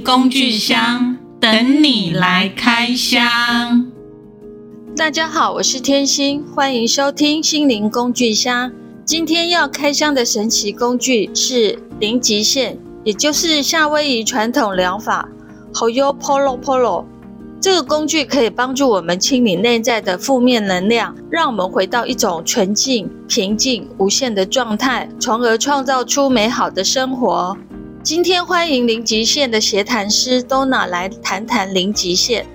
工具箱等你來開箱。大家好，我是天心，歡迎收聽心靈工具箱。今天要開箱的神奇工具是零極限，也就是夏威夷傳統療法 Ho’oponopono。這個工具可以幫助我們清理內在的負面能量，讓我們回到一種純淨、平靜、無限的狀態，從而創造出美好的生活。今天歡迎零極限的協談師 Donna 來談談零極限。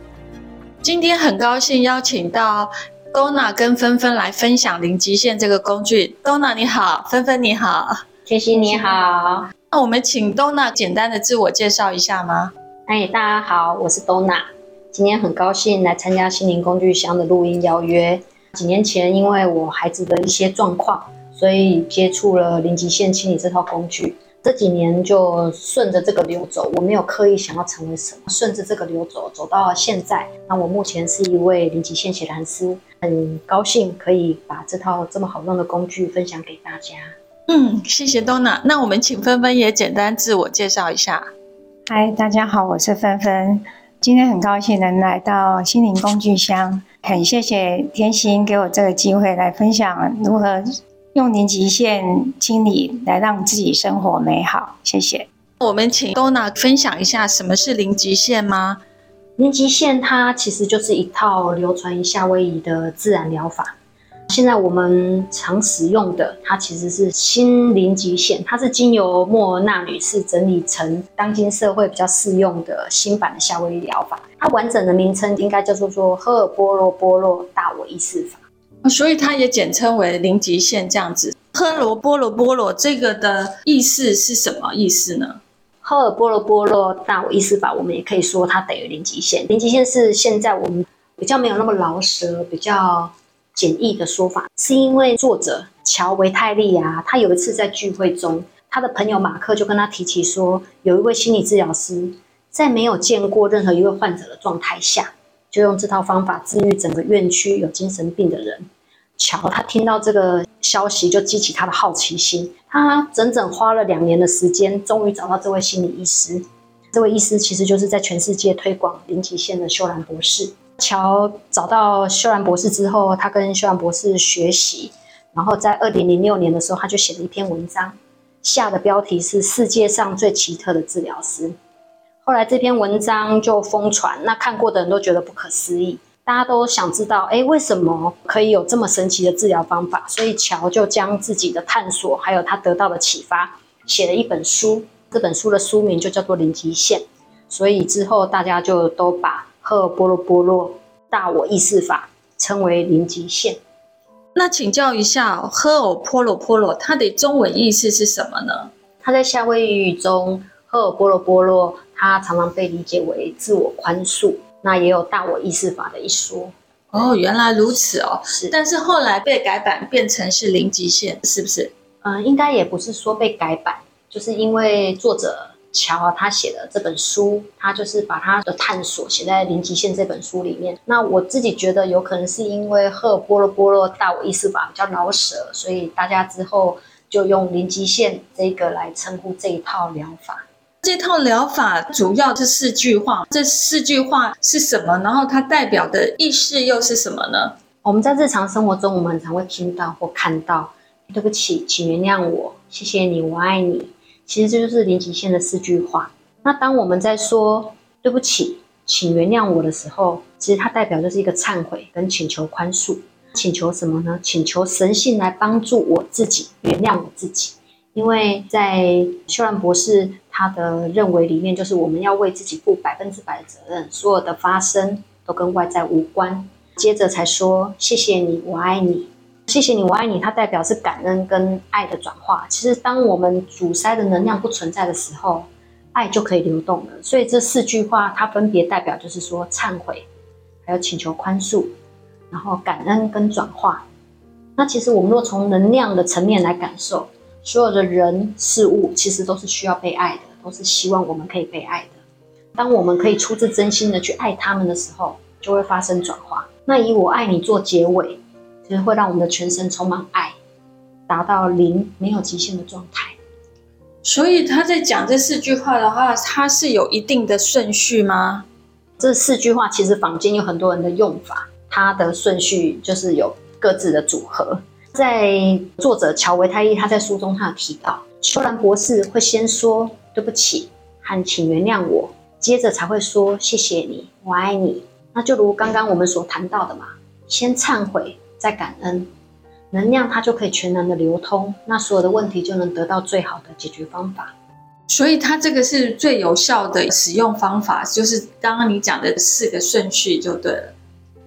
今天很高興邀請到 Donna 跟芬芬來分享零極限這個工具。Donna 你好，芬芬你好，謝謝你好。那我們請 Donna 簡單的自我介紹一下嗎？哎，大家好，我是 Donna。今天很高興來參加心靈工具箱的錄音邀約。幾年前因為我孩子的一些狀況，所以接觸了零極限清理這套工具。這幾年就順着這個流走，我沒有刻意想要成為什麼，順着這個流走，走到現在。那我目前是一位零極限寫藍師，很高興可以把這套這麼好用的工具分享給大家。嗯，謝謝冬娜。那我們請芬芬也簡單自我介紹一下。嗨，大家好，我是芬芬。今天很高興能來到心靈工具箱，很謝謝天心給我這個機會來分享如何。用零極限清理來讓自己生活美好，謝謝。我們請多娜分享一下什麼是零極限嗎？零極限它其實就是一套流傳於夏威夷的自然療法。現在我們常使用的，它其實是新零極限，它是經由莫爾納女士整理成當今社會比較適用的新版的夏威夷療法。它完整的名稱應該叫做說荷歐波諾波諾大我意識法。所以它也簡稱為零極限這樣子。荷歐波諾波諾這個的意思是什麼意思呢？荷歐波諾波諾，那我意思吧，我們也可以說它等於零極限。零極限是現在我們比較沒有那麼繞舌，比較簡易的說法，是因為作者喬維泰利啊，他有一次在聚會中，他的朋友馬克就跟他提起說，有一位心理治療師在沒有見過任何一位患者的狀態下。就用這套方法治癒整個院區有精神病的人。喬他聽到這個消息，就激起他的好奇心。他整整花了兩年的時間，終於找到這位心理醫師。這位醫師其實就是在全世界推廣零極限的修藍博士。喬找到修藍博士之後，他跟修藍博士學習，然後在二零零六年的時候，他就寫了一篇文章，下的標題是《世界上最奇特的治療師》。後來這篇文章就瘋傳，那看過的人都覺得不可思議，大家都想知道，哎，為什麼可以有這麼神奇的治療方法？所以喬就將自己的探索，還有他得到的啟發，寫了一本書。這本書的書名就叫做《零極限》。所以之後大家就都把“荷歐波諾波諾”大我意識法稱為“零極限”。那請教一下，“荷歐波諾波諾”它的中文意思是什麼呢？它在夏威夷語中，“荷歐波諾波諾”。他常常被理解為自我寬恕，那也有大我意識法的一說。哦，原來如此哦。是，但是後來被改版變成是零極限，是不是？嗯、呃，應該也不是說被改版，就是因為作者喬他寫的這本書，他就是把他的探索寫在《零極限》這本書裡面。那我自己覺得有可能是因為荷歐波諾波諾大我意識法比較老舍，所以大家之後就用零極限這個來稱呼這一套療法。這套療法主要是四句話，這四句話是什麼？然後它代表的意思又是什麼呢？我們在日常生活中，我們很常會聽到或看到“對不起，請原諒我，謝謝你，我愛你”。其實這就是零極限的四句話。那當我們在說“對不起，請原諒我”的時候，其實它代表就是一個懺悔跟請求寬恕。請求什麼呢？請求神性來幫助我自己，原諒我自己。因為在修藍博士。他的認為裡面就是我們要為自己負百分之百的責任，所有的發生都跟外在無關。接着才說謝謝你，我愛你，謝謝你，我愛你。它代表是感恩跟愛的轉化。其實，當我們阻塞的能量不存在的時候，愛就可以流動了。所以這四句話，它分別代表就是說懺悔，還有請求寬恕，然後感恩跟轉化。那其實我們若從能量的層面來感受。所有的人事物其實都是需要被愛的，都是希望我們可以被愛的。當我們可以出自真心的去愛他們的時候，就會發生轉化。那以我愛你做結尾，其實會讓我們的全身充滿愛，達到零沒有極限的狀態。所以他在講這四句話的話，它是有一定的順序嗎？這四句話其實坊間有很多人的用法，它的順序就是有各自的組合。在作者喬維泰伊，他在書中他有提到，修藍博士會先說對不起還請原諒我，接着才會說謝謝你，我愛你。那就如剛剛我們所談到的嘛，先懺悔再感恩，能量它就可以全然的流通，那所有的問題就能得到最好的解決方法。所以他這個是最有效的使用方法，就是剛剛你講的四個順序就對了。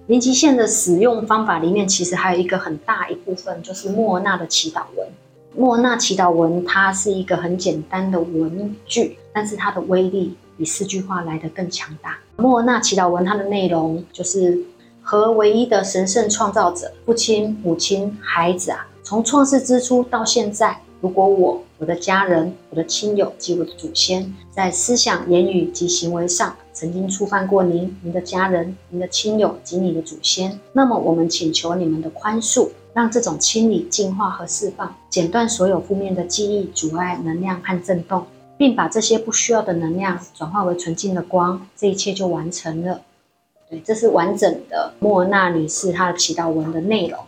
零極限的使用方法裡面，其實還有一個很大一部分，就是莫爾納的祈禱文。莫爾納祈禱文，它是一個很簡單的文句，但是它的威力比四句話來得更強大。莫爾納祈禱文，它的內容就是和唯一的神聖創造者父親、母親、孩子啊，從創世之初到現在。如果我、我的家人、我的親友及我的祖先，在思想、言語及行為上曾經觸犯過您、您的家人、您的親友及你的祖先，那麼我們請求你們的寬恕，讓這種清理、淨化和釋放，剪斷所有負面的記憶、阻礙能量和震動，並把這些不需要的能量轉化為純淨的光，這一切就完成了。對，這是完整的莫娜女士她的祈禱文的內容。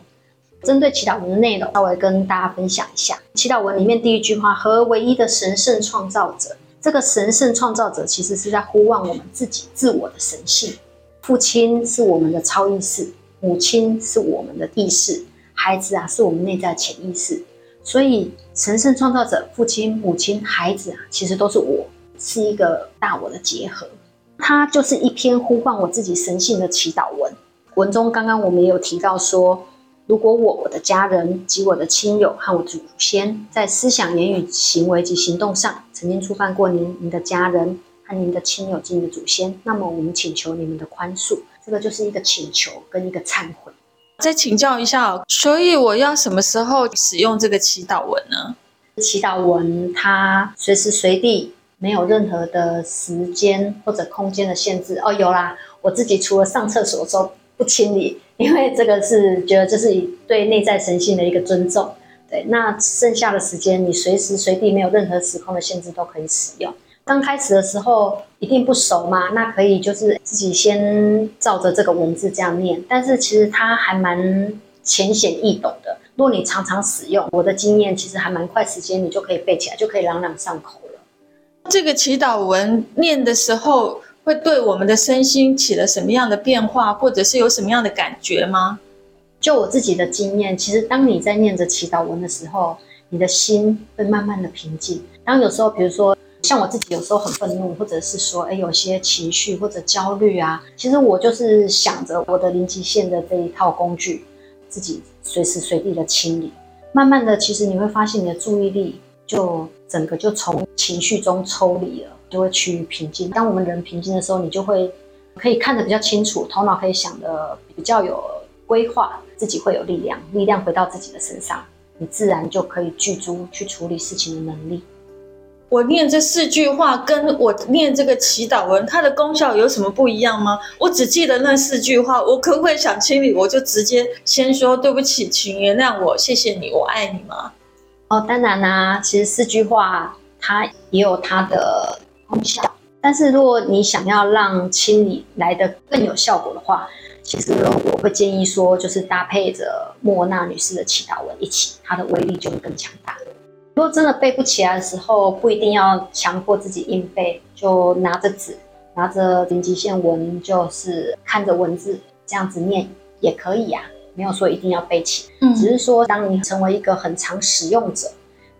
針對祈禱文的內容，稍微跟大家分享一下。祈禱文裡面第一句話，和唯一的神聖創造者，這個神聖創造者其實是在呼喚我們自己自我的神性。父親是我們的超意識，母親是我們的意識，孩子啊是我們內在的潛意識。所以，神聖創造者、父親、母親、孩子啊，其實都是我，是一個大我的結合。它就是一篇呼喚我自己神性的祈禱文。文中剛剛我們也有提到說。如果我、我的家人、及我的親友和我的祖先，在思想、言語、行為及行動上，曾經觸犯過您、您的家人、和您的親友及您的祖先，那麼我們請求你們的寬恕。這個就是一個請求跟一個懺悔。再請教一下，所以我要什麼時候使用這個祈禱文呢？祈禱文它隨時隨地沒有任何的時間或者空間的限制哦。有啦，我自己除了上廁所的時候。不清理，因為這個是覺得這是對內在神性的一個尊重。對，那剩下的時間你隨時隨地沒有任何時空的限制都可以使用。剛開始的時候一定不熟嘛，那可以就是自己先照着這個文字這樣念。但是其實它還蠻淺顯易懂的。如果你常常使用，我的經驗其實還蠻快，時間你就可以背起來，就可以朗朗上口了。這個祈禱文念的時候，會對我們的身心起了什麼樣的變化，或者是有什麼樣的感覺嗎？就我自己的經驗，其實當你在念着祈禱文的時候，你的心會慢慢的平靜。然後有時候，比如說像我自己，有時候很憤怒，或者是說，哎，有些情緒或者焦慮啊，其實我就是想着我的零極限的這一套工具，自己隨時隨地的清理。慢慢的，其實你會發現你的注意力就整個就從情緒中抽離了。就會趨於平靜。當我們人平靜的時候，你就會可以看得比較清楚，頭腦可以想得比較有規劃，自己會有力量，力量回到自己的身上，你自然就可以具足去處理事情的能力。我念這四句話，跟我念這個祈禱文，它的功效有什麼不一樣嗎？我只記得那四句話，我可不可以想清理，我就直接先說對不起，請原諒我，謝謝你，我愛你嗎？哦，當然啦、啊，其實四句話它也有它的。功效，但是如果你想要讓清理來得更有效果的話，其實我會建議說，就是搭配着莫娜女士的祈禱文一起，它的威力就會更強大。如果真的背不起來的時候，不一定要強迫自己硬背，就拿着紙，拿着零極限文，就是看着文字這樣子念也可以啊，沒有說一定要背起。嗯，只是說當你成為一個很常使用者，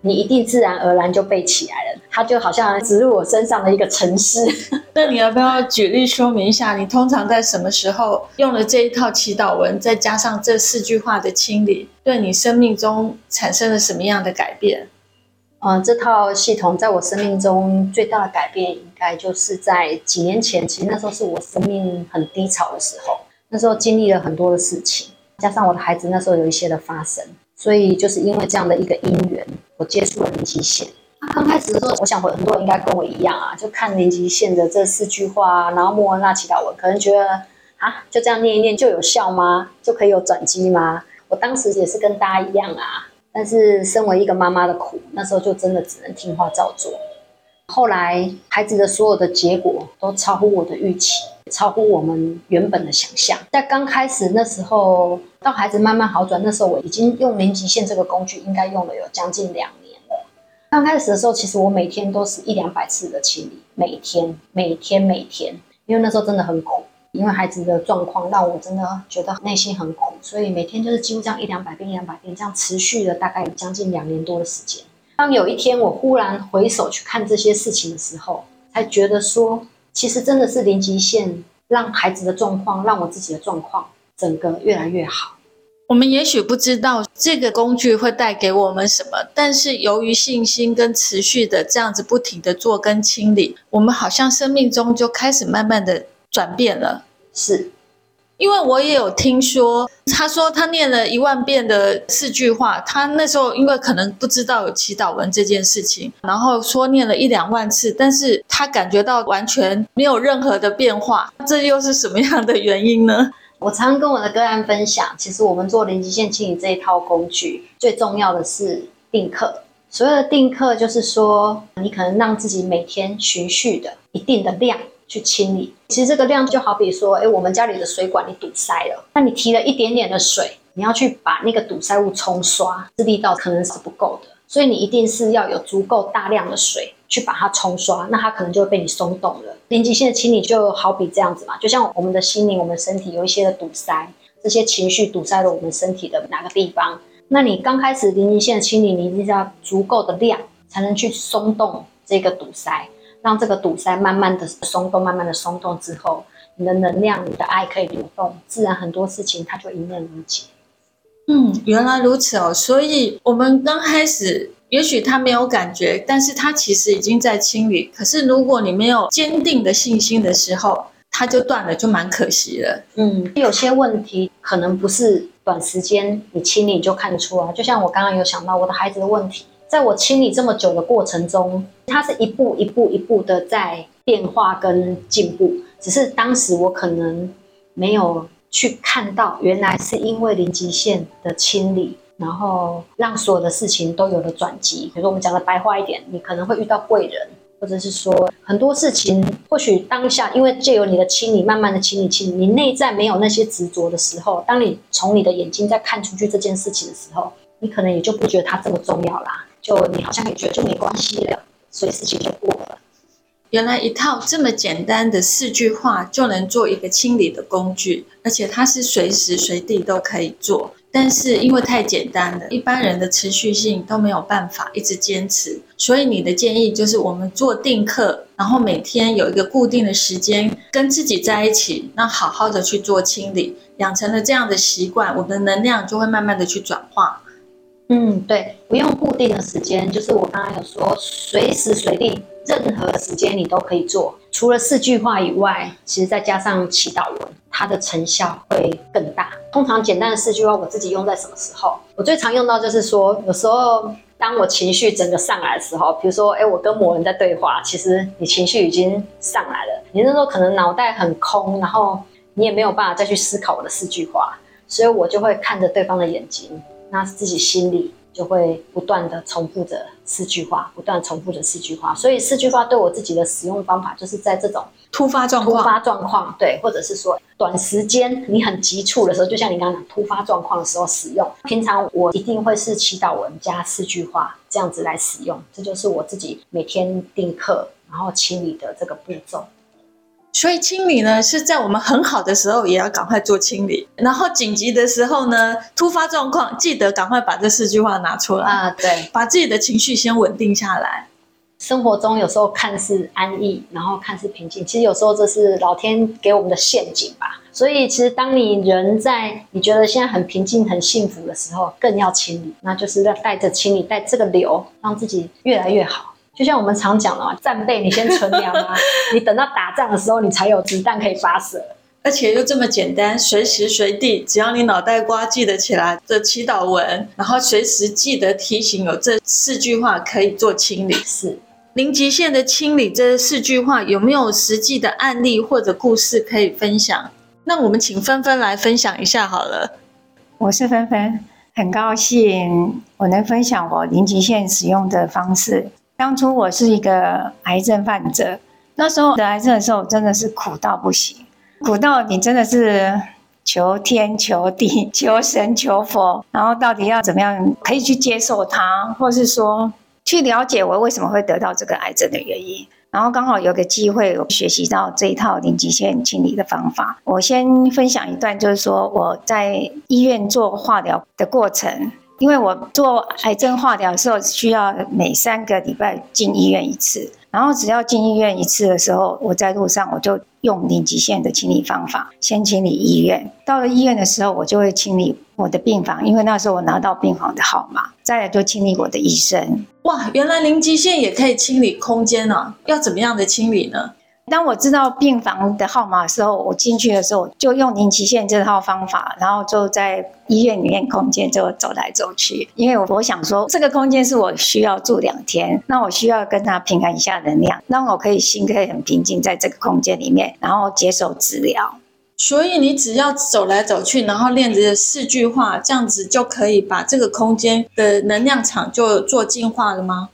你一定自然而然就背起來了。它就好像植入我身上的一個程式。那你要不要舉例說明一下，你通常在什麼時候用了這一套祈禱文，再加上這四句話的清理，對你生命中產生了什麼樣的改變？嗯，這套系統在我生命中最大的改變，應該就是在幾年前。其實那時候是我生命很低潮的時候，那時候經歷了很多的事情，加上我的孩子那時候有一些的發生，所以就是因為這樣的一個因緣，我接觸了零極限。剛開始的時候，我想很多人應該跟我一樣啊，就看零極限的這四句話，然後默那祈禱文，可能覺得啊，就這樣念一念就有效嗎？就可以有轉機嗎？我當時也是跟大家一樣啊，但是身為一個媽媽的苦，那時候就真的只能聽話照做。後來孩子的所有的結果都超乎我的預期，超乎我們原本的想象。在剛開始那時候，到孩子慢慢好轉，那時候我已經用零極限這個工具，應該用了有將近兩。剛開始的時候，其實我每天都是一兩百次的清理，每天、每天、每天，因為那時候真的很苦，因為孩子的狀況讓我真的覺得內心很苦，所以每天就是幾乎這樣一兩百遍、一兩百遍，這樣持續了大概有將近兩年多的時間。當有一天我忽然回首去看這些事情的時候，才覺得說，其實真的是零極限，讓孩子的狀況，讓我自己的狀況，整個越來越好。我們也許不知道這個工具會帶給我們什麼，但是由於信心跟持續的這樣子不停的做跟清理，我們好像生命中就開始慢慢的轉變了。是，因為我也有聽說，他說他念了一萬遍的四句話，他那時候因為可能不知道有祈禱文這件事情，然後說念了一兩萬次，但是他感覺到完全沒有任何的變化，這又是什麼樣的原因呢？我常跟我的個案分享，其實我們做零極限清理這一套工具，最重要的是定課。所謂的定課，就是說你可能讓自己每天循序的一定的量去清理。其實這個量就好比說，哎，我們家裡的水管你堵塞了，那你提了一點點的水，你要去把那個堵塞物沖刷，這力道可能是不夠的。所以你一定是要有足夠大量的水。去把它沖刷，那它可能就會被你鬆動了。零極限的清理就好比這樣子嘛，就像我們的心靈，我們身體有一些的堵塞，這些情緒堵塞了我們身體的哪個地方？那你剛開始零極限的清理，你一定要足夠的量，才能去鬆動這個堵塞，讓這個堵塞慢慢的鬆動，慢慢的鬆動之後，你的能量、你的愛可以流動，自然很多事情它就迎刃而解。嗯，原來如此哦，所以我們剛開始。也許他沒有感覺，但是他其實已經在清理。可是如果你沒有堅定的信心的時候，它就斷了，就蠻可惜了。嗯，有些問題可能不是短時間你清理就看得出來。就像我剛剛有想到我的孩子的問題，在我清理這麼久的過程中，他是一步一步、一步的在變化跟進步。只是當時我可能沒有去看到，原來是因為零極限的清理。然後讓所有的事情都有了轉機。比如說，我們講的白話一點，你可能會遇到貴人，或者是說很多事情，或許當下因為借由你的清理，慢慢的清理、清理，你內在沒有那些執着的時候，當你從你的眼睛再看出去這件事情的時候，你可能也就不覺得它這麼重要啦。就你好像也覺得就沒關係了，所以事情就過了。原來一套這麼簡單的四句話就能做一個清理的工具，而且它是隨時隨地都可以做。但是因為太簡單了，一般人的持續性都沒有辦法一直堅持，所以你的建議就是我們做定課，然後每天有一個固定的時間跟自己在一起，那好好的去做清理，養成了這樣的習慣，我們的能量就會慢慢的去轉化。嗯，對，不用固定的時間，就是我剛剛有說，隨時隨地，任何時間你都可以做。除了四句話以外，其實再加上祈禱文，它的成效會更大。通常簡單的四句話，我自己用在什麼時候？我最常用到就是說，有時候當我情緒整個上來的時候，比如說，誒、欸，我跟某人在對話，其實你情緒已經上來了，你那時候可能腦袋很空，然後你也沒有辦法再去思考我的四句話，所以我就會看着對方的眼睛，那自己心裡。就會不斷的重複着四句話，不斷重複着四句話。所以四句話對我自己的使用方法，就是在這種突發狀況、突發狀況，突發狀況，對，或者是說短時間你很急促的時候，就像你剛剛講突發狀況的時候使用。平常我一定會是祈禱文加四句話這樣子來使用，這就是我自己每天定課然後清理的這個步驟。所以清理呢，是在我們很好的時候也要趕快做清理。然後緊急的時候呢，突發狀況，記得趕快把這四句話拿出來啊、呃，對，把自己的情緒先穩定下來。生活中有時候看似安逸，然後看似平靜，其實有時候這是老天給我們的陷阱吧。所以其實當你人在，你覺得現在很平靜、很幸福的時候，更要清理，那就是要帶着清理，帶這個流，讓自己越來越好。就像我們常講的嘛，戰備你先存糧啊， 你等到打仗的時候，你才有子彈可以發射。而且又這麼簡單，隨時隨地，只要你腦袋瓜記得起來的祈禱文，然後隨時記得提醒有這四句話可以做清理。是零極限的清理，這四句話，有沒有實際的案例或者故事可以分享？那我們請芬芬來分享一下好了。我是芬芬，很高興我能分享我零極限使用的方式。當初我是一個癌症患者，那時候得癌症的時候，我真的是苦到不行，苦到你真的是求天求地求神求佛，然後到底要怎麼樣可以去接受它，或是說去了解，我為什麼會得到這個癌症的原因。然後剛好有個機會，我學習到這一套零極限清理的方法，我先分享一段，就是說我在醫院做化療的過程。因為我做癌症化療的時候，需要每三個禮拜進醫院一次，然後只要進醫院一次的時候，我在路上我就用零極限的清理方法先清理醫院。到了醫院的時候，我就會清理我的病房，因為那時候我拿到病房的號碼，再來就清理我的醫生。哇，原來零極限也可以清理空間啊，要怎麼樣的清理呢？當我知道病房的號碼的時候，我進去的時候就用零極限這套方法，然後就在醫院裡面空間就走來走去，因為我想說這個空間是我需要住兩天，那我需要跟他平衡一下能量，讓我可以心可以很平靜在這個空間裡面，然後接受治療。所以你只要走來走去，然後練這四句話，這樣子就可以把這個空間的能量場就做淨化了嗎？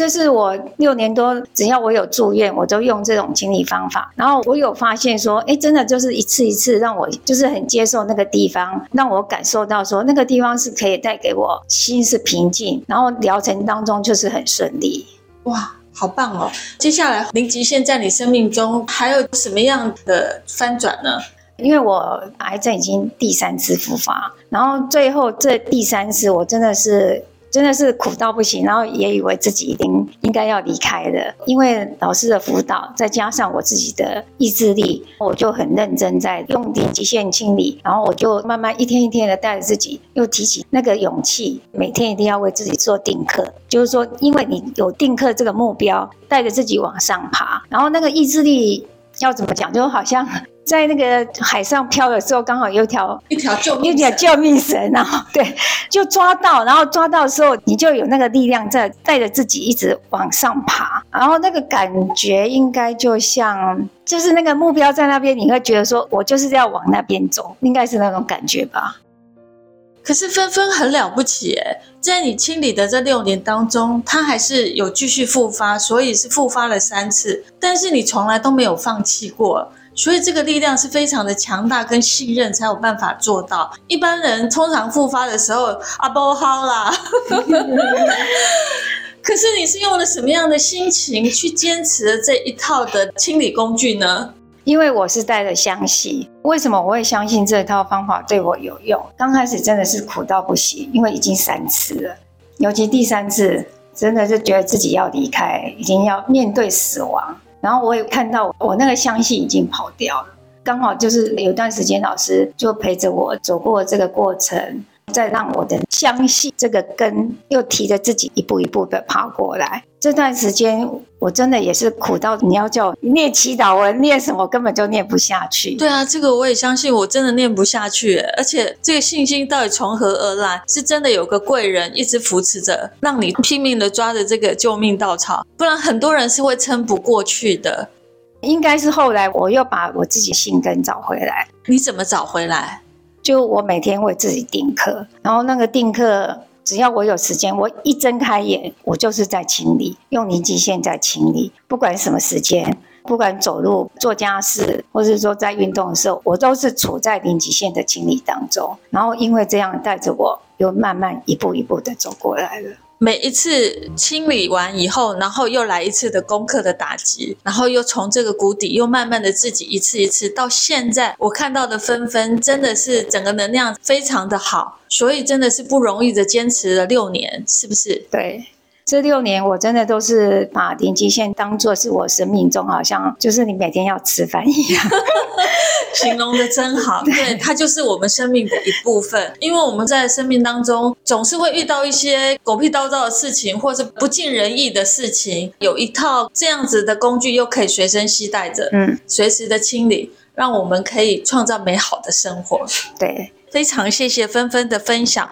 這是我六年多，只要我有住院，我都用這種清理方法。然後我有發現說，哎，真的就是一次一次讓我就是很接受那個地方，讓我感受到說那個地方是可以帶給我心是平靜，然後療程當中就是很順利。哇，好棒哦！接下來零極限在你生命中還有什麼樣的翻轉呢？因為我癌症已經第三次復發，然後最後這第三次我真的是。真的是苦到不行，然後也以為自己已經應該要離開了。因為老師的輔導，再加上我自己的意志力，我就很認真在用零極限清理，然後我就慢慢一天一天的帶着自己，又提起那個勇氣，每天一定要為自己做定課。就是說，因為你有定課這個目標，帶着自己往上爬，然後那個意志力要怎麼講，就好像。在那個海上漂的時候，剛好有條一條救命繩一條救命繩然後，對，就抓到，然後抓到的時候，你就有那個力量在帶着自己一直往上爬。然後那個感覺應該就像就是那個目標在那邊，你會覺得說我就是要往那邊走，應該是那種感覺吧。可是芬芬很了不起哎、欸，在你清理的這六年當中，他還是有繼續復發，所以是復發了三次，但是你從來都沒有放棄過。所以這個力量是非常的強大，跟信任才有辦法做到。一般人通常復發的時候，阿波 l 啦。 可是你是用了什麼樣的心情去堅持了這一套的清理工具呢？因為我是帶了香信，為什麼我會相信這套方法對我有用？剛開始真的是苦到不行，因為已經三次了，尤其第三次，真的是覺得自己要離開，已經要面對死亡。然後我也看到我那個相信已經跑掉了，剛好就是有段時間老師就陪着我走過這個過程。再讓我的相信這個根又提着自己一步一步的爬過來。這段時間我真的也是苦到，你要叫我念祈禱文、念什麼，根本就念不下去。對啊，這個我也相信，我真的念不下去。而且這個信心到底從何而來？是真的有個貴人一直扶持着，讓你拼命的抓着這個救命稻草，不然很多人是會撐不過去的。應該是後來我又把我自己心根找回來。你怎麼找回來？就我每天為自己定課，然後那個定課，只要我有時間，我一睜開眼，我就是在清理，用零極限在清理，不管什麼時間，不管走路、做家事，或者是說在運動的時候，我都是處在零極限的清理當中。然後因為這樣，帶着我又慢慢一步一步的走過來了。每一次清理完以後，然後又來一次的功課的打擊，然後又從這個谷底又慢慢的自己一次一次，到現在我看到的芬芬真的是整個能量非常的好，所以真的是不容易的堅持了六年，是不是？對。這六年，我真的都是把零極限當作是我生命中，好像就是你每天要吃飯一樣。 形容的真好。對，對，對，它就是我們生命的一部分。因為我們在生命當中總是會遇到一些狗屁叨叨的事情，或者是不盡人意的事情，有一套這樣子的工具，又可以隨身攜帶着，嗯，隨時的清理，讓我們可以創造美好的生活。對，非常謝謝芬芬的分享。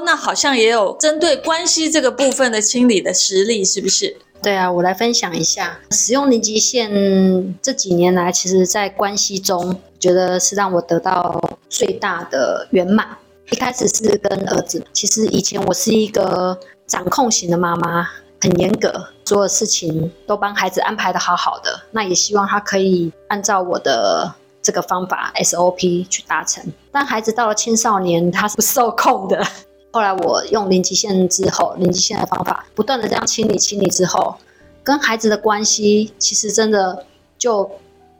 那好像也有針對關係這個部分的清理的實例，是不是？對啊，我來分享一下。使用零極限這幾年來，其實在關係中，覺得是讓我得到最大的圓滿。一開始是跟兒子，其實以前我是一個掌控型的媽媽，很嚴格，所有事情都幫孩子安排得好好的。那也希望他可以按照我的這個方法 SOP 去達成。但孩子到了青少年，他是不受控的。後來我用零極限之後，零極限的方法，不斷的這樣清理清理之後，跟孩子的關係其實真的就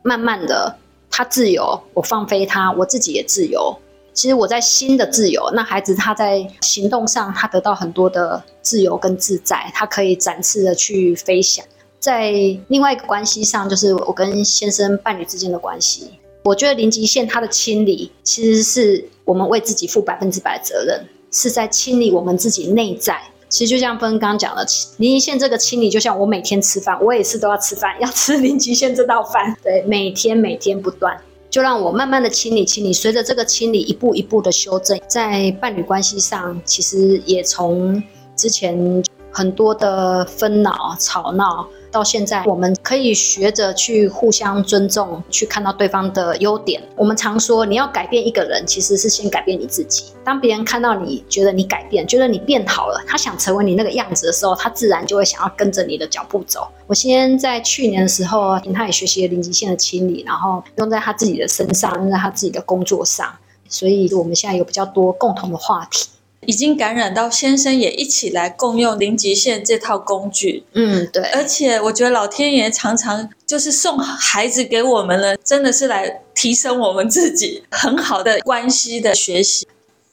慢慢的他自由，我放飛他，我自己也自由。其實我在新的自由，那孩子他在行動上他得到很多的自由跟自在，他可以展翅的去飛翔。在另外一個關係上，就是我跟先生伴侶之間的關係，我覺得零極限他的清理，其實是我們為自己負百分之百的責任。是在清理我們自己內在，其實就像芬剛講的，零極限這個清理，就像我每天吃飯，我也是都要吃飯，要吃零極限這道飯，對，每天每天不斷，就讓我慢慢的清理清理，隨着這個清理一步一步的修正，在伴侶關係上，其實也從之前很多的煩惱吵鬧。到現在，我們可以學着去互相尊重，去看到對方的優點。我們常說，你要改變一個人，其實是先改變你自己。當別人看到你覺得你改變，覺得你變好了，他想成為你那個樣子的時候，他自然就會想要跟着你的腳步走。我先生在去年的時候，他也學習了零極限的清理，然後用在他自己的身上，用在他自己的工作上，所以我們現在有比較多共同的話題。已經感染到先生也一起來共用零極限這套工具，嗯，對。而且我覺得老天爺常常就是送孩子給我們了，真的是來提升我們自己很好的關係的學習。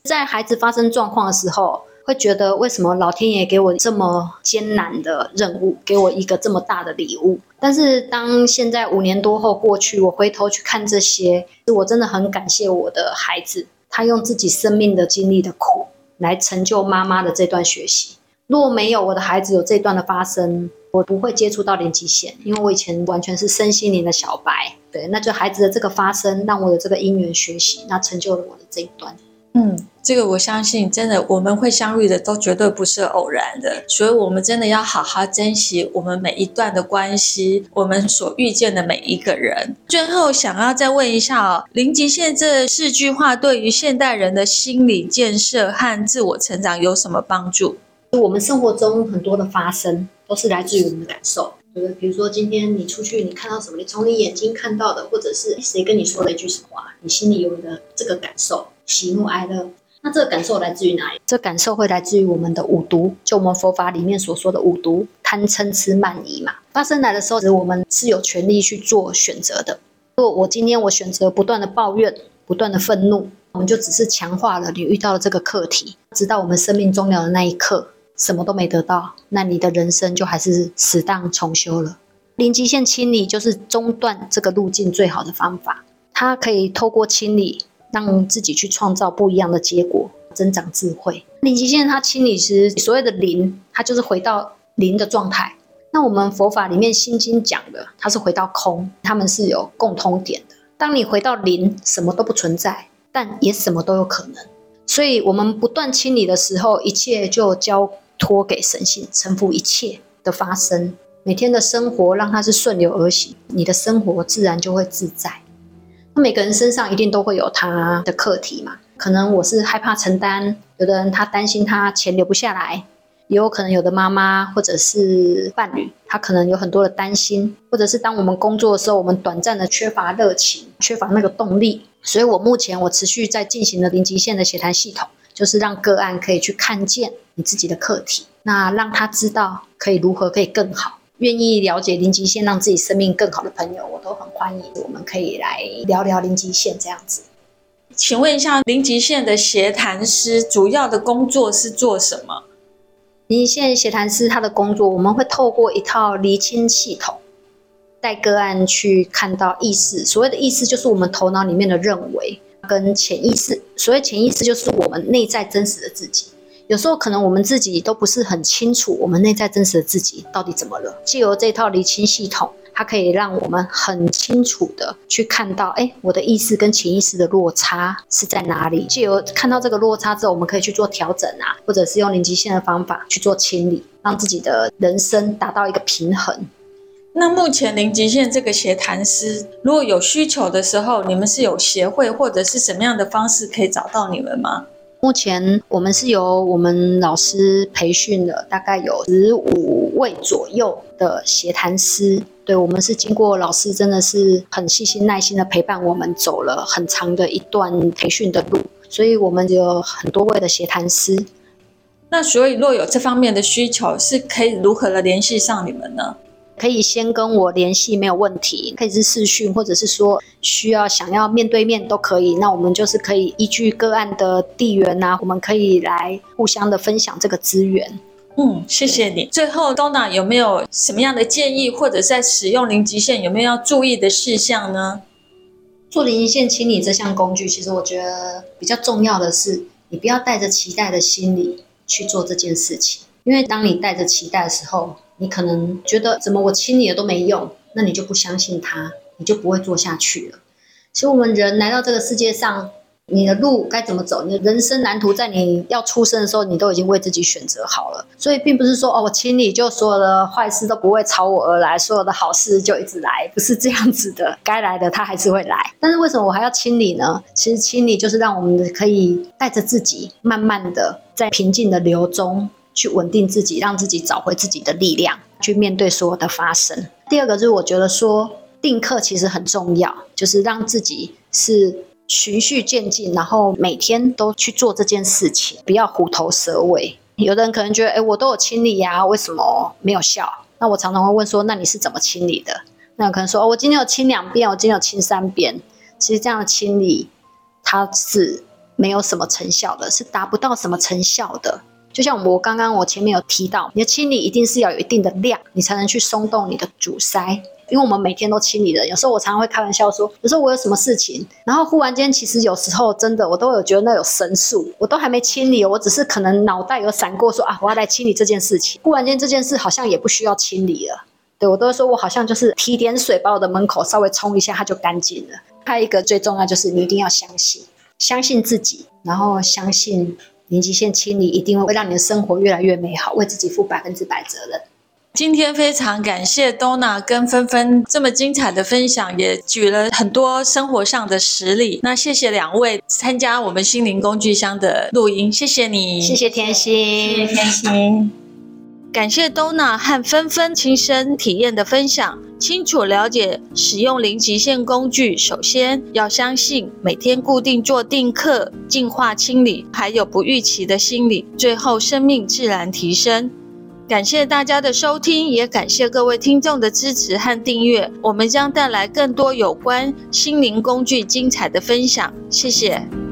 在孩子發生狀況的時候，會覺得為什麼老天爺給我這麼艱難的任務，給我一個這麼大的禮物？但是當現在五年多後過去，我回頭去看這些，我真的很感謝我的孩子，他用自己生命的經歷的苦。來成就媽媽的這段學習。若沒有我的孩子有這段的發生，我不會接觸到零極限，因為我以前完全是身心靈的小白。對，那就孩子的這個發生，讓我有這個因緣學習，那成就了我的這一段。嗯，這個我相信真的，我們會相遇的都絕對不是偶然的，所以，我們真的要好好珍惜我們每一段的關係，我們所遇見的每一個人。最後，想要再問一下哦，零極限這四句話對於現代人的心理建設和自我成長有什麼幫助？我們生活中很多的發生都是來自於我們的感受，比如說今天你出去，你看到什麼？你從你眼睛看到的，或者是誰跟你說了一句什麼話啊，你心裡有的這個感受。喜怒哀樂，那這個感受來自於哪裡？這感受會來自於我們的五毒，就我們佛法裡面所說的五毒：貪、嗔、痴、慢、疑嘛。發生來的時候，我們是有權利去做選擇的。如果我今天我選擇不斷的抱怨、不斷的憤怒，我們就只是強化了你遇到了這個課題。直到我們生命終了的那一刻，什麼都沒得到，那你的人生就還是死當重修了。零極限清理就是中斷這個路徑最好的方法，它可以透過清理。讓自己去創造不一樣的結果，增長智慧。零極限他清理時所謂的零，他就是回到零的狀態。那我們佛法裡面心經講的，它是回到空，他們是有共通點的。當你回到零，什麼都不存在，但也什麼都有可能。所以，我們不斷清理的時候，一切就交托給神性，臣服一切的發生。每天的生活讓它是順流而行，你的生活自然就會自在。每個人身上一定都會有他的課題嘛，可能我是害怕承擔，有的人他擔心他錢留不下來，也有可能有的媽媽或者是伴侶，他可能有很多的擔心，或者是當我們工作的時候，我們短暫的缺乏熱情，缺乏那個動力。所以我目前我持續在進行的零極限的協談系統，就是讓個案可以去看見你自己的課題，那讓他知道可以如何可以更好。願意了解零極限，讓自己生命更好的朋友，我都很歡迎。我們可以來聊聊零極限這樣子。請問一下，零極限的協談師主要的工作是做什麼？零極限協談師他的工作，我們會透過一套釐清系統，帶個案去看到意識。所謂的意識，就是我們頭腦裡面的認為跟潛意識。所謂潛意識，就是我們內在真實的自己。有時候可能我們自己都不是很清楚，我們內在真實的自己到底怎麼了。借由這套釐清系統，它可以讓我們很清楚的去看到，哎、欸，我的意識跟潛意識的落差是在哪裡。借由看到這個落差之後，我們可以去做調整啊，或者是用零極限的方法去做清理，讓自己的人生達到一個平衡。那目前零極限這個協談師，如果有需求的時候，你們是有協會或者是什麼樣的方式可以找到你們嗎？目前我們是由我們老師培訓了，大概有十五位左右的協談師。對，我們是經過老師真的是很細心耐心的陪伴我們走了很長的一段培訓的路，所以我們有很多位的協談師。那所以若有這方面的需求，是可以如何的聯繫上你們呢？可以先跟我聯繫，沒有問題。可以是視訊，或者是說需要想要面對面都可以。那我們就是可以依據個案的地緣吶、啊，我們可以來互相的分享這個資源。嗯，謝謝你。對最後，Donna 有沒有什麼樣的建議，或者在使用零極限有沒有要注意的事項呢？做零極限清理這項工具，其實我覺得比較重要的是，你不要帶着期待的心理去做這件事情，因為當你帶着期待的時候。你可能覺得怎麼我清理了都沒用，那你就不相信他，你就不會做下去了。其實我們人來到這個世界上，你的路該怎麼走，你的人生藍圖在你要出生的時候，你都已經為自己選擇好了。所以並不是說哦，我清理就所有的壞事都不會朝我而來，所有的好事就一直來，不是這樣子的。該來的他還是會來。但是為什麼我還要清理呢？其實清理就是讓我們可以帶着自己，慢慢的在平靜的流中。去穩定自己，讓自己找回自己的力量，去面對所有的發生。第二個就是我覺得說，定課其實很重要，就是讓自己是循序漸進，然後每天都去做這件事情，不要虎頭蛇尾。有的人可能覺得，誒，我都有清理啊，為什麼沒有效？那我常常會問說，那你是怎麼清理的？那有可能說，哦，我今天有清兩遍，我今天有清三遍。其實這樣的清理，它是沒有什麼成效的，是達不到什麼成效的。就像我剛剛我前面有提到，你的清理一定是要有一定的量，你才能去鬆動你的阻塞。因為我們每天都清理的，有時候我常常會開玩笑說，有時候我有什麼事情，然後忽然間其實有時候真的我都有覺得那有神速，我都還沒清理，我只是可能腦袋有閃過說啊，我要來清理這件事情，忽然間這件事好像也不需要清理了。對，我都是說我好像就是提點水把我的門口稍微沖一下，它就乾淨了。還有一個最重要就是你一定要相信，相信自己，然後相信，零極限清理一定會讓你的生活越來越美好，為自己負百分之百責任。今天非常感謝 Donna 跟芬芬這麼精彩的分享，也舉了很多生活上的實例。那謝謝兩位參加我們心靈工具箱的錄音，謝謝你，謝謝天心，謝謝天心。 感謝 Donna 和芬芬親身體驗的分享，清楚了解使用零極限工具，首先要相信每天固定做定課、淨化、清理，還有不預期的心理，最後生命自然提升。感謝大家的收聽，也感謝各位聽眾的支持和訂閱，我們將帶來更多有關心靈工具精彩的分享。謝謝。